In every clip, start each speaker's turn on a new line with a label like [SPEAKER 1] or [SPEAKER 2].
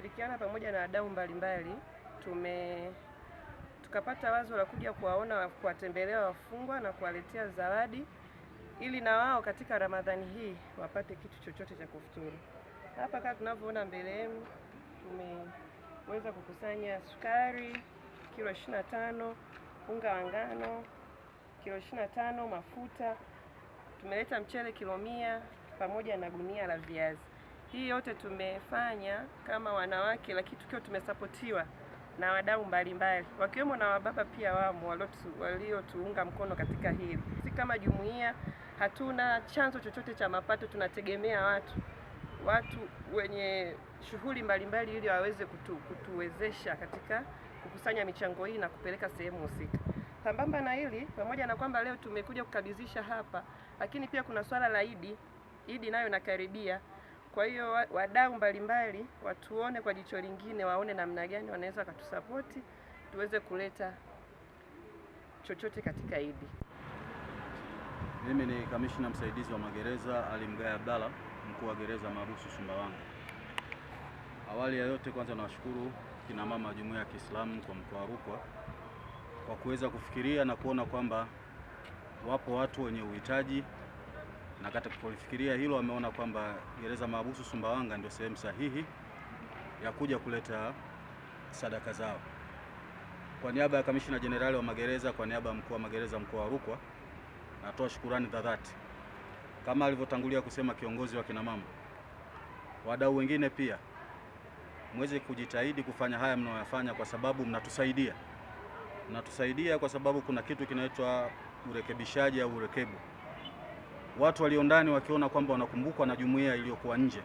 [SPEAKER 1] kushirikiana pamoja na wadau mbalimbali tume tukapata wazo la kuja kuwaona, kuwatembelea wafungwa na kuwaletea zawadi ili na wao katika Ramadhani hii wapate kitu chochote cha kufuturu. Hapa kama tunavyoona mbele yenu, tumeweza kukusanya sukari kilo 25, unga wa ngano kilo 25, mafuta tumeleta mchele kilo mia pamoja na gunia la viazi. Hii yote tumefanya kama wanawake, lakini tukiwa tumesapotiwa na wadau mbalimbali wakiwemo na wababa pia wamo waliotuunga mkono katika hili. si kama jumuiya hatuna chanzo chochote cha mapato, tunategemea watu watu wenye shughuli mbalimbali ili waweze kutu, kutuwezesha katika kukusanya michango hii na kupeleka sehemu husika. Sambamba na hili, pamoja na kwamba leo tumekuja kukabidhisha hapa, lakini pia kuna swala la Idi. Idi nayo inakaribia. Kwa hiyo wadau mbalimbali watuone kwa jicho lingine, waone namna gani wanaweza wakatusapoti tuweze kuleta chochote katika Idi.
[SPEAKER 2] Mimi ni kamishna msaidizi wa magereza Ali Mgaya Abdalla, mkuu wa gereza Marusu Sumbawanga. Awali ya yote, kwanza nawashukuru kina mama wa jumuiya ya Kiislamu kwa mkoa wa Rukwa kwa kuweza kufikiria na kuona kwamba wapo watu wenye uhitaji na katika kulifikiria hilo wameona kwamba gereza maabusu Sumbawanga ndio sehemu sahihi ya kuja kuleta sadaka zao. Kwa niaba ya Kamishina Jenerali wa Magereza, kwa niaba ya mkuu wa magereza mkoa wa Rukwa, natoa shukurani za dhati, kama alivyotangulia kusema kiongozi wa kinamama, wadau wengine pia mweze kujitahidi kufanya haya mnayoyafanya, kwa sababu mnatusaidia, mnatusaidia kwa sababu kuna kitu kinaitwa urekebishaji au urekebu watu walio ndani wakiona kwamba wanakumbukwa na jumuiya iliyokuwa nje,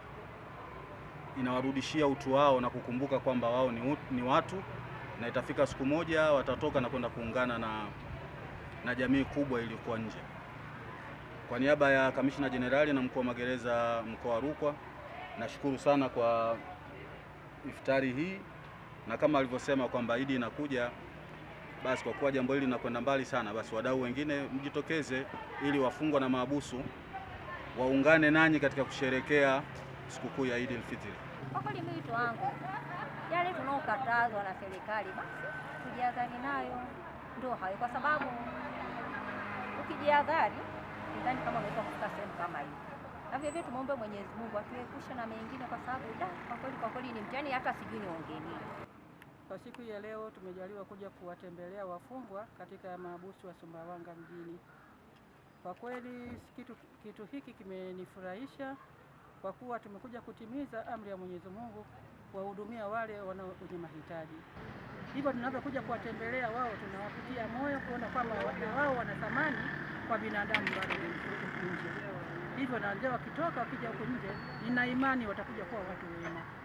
[SPEAKER 2] inawarudishia utu wao na kukumbuka kwamba wao ni, ni watu na itafika siku moja watatoka na kwenda kuungana na, na jamii kubwa iliyokuwa nje. Kwa niaba ya Kamishna Jenerali na mkuu wa magereza mkoa wa Rukwa, nashukuru sana kwa iftari hii, na kama alivyosema kwamba Idi inakuja basi kwa kuwa jambo hili linakwenda mbali sana, basi wadau wengine mjitokeze, ili wafungwa na maabusu waungane nanyi katika kusherekea sikukuu ya Eid al-Fitr.
[SPEAKER 3] Kwa kweli mwito wangu, yale tunaokatazwa na serikali basi tujiadhari nayo, ndio hayo, kwa sababu ukijiadhari ndani kama unaweza kufika sehemu kama hii, na vile vile Mwenyezi Mungu atuepushe na mengine, kwa sababu da, kwa kweli kwa kweli ni mtihani, hata sijui niongee nini.
[SPEAKER 1] Kwa siku ya leo tumejaliwa kuja kuwatembelea wafungwa katika mahabusu wa Sumbawanga mjini. Kwa kweli kitu, kitu hiki kimenifurahisha kwa kuwa tumekuja kutimiza amri ya Mwenyezi Mungu kuwahudumia wale wenye mahitaji. Hivyo tunavyokuja kuwatembelea wao, tunawapitia moyo kuona kwamba na wao wana thamani kwa binadamu bado nje. Hivyo na wakitoka wakija huku nje, nina imani watakuja kuwa watu wema.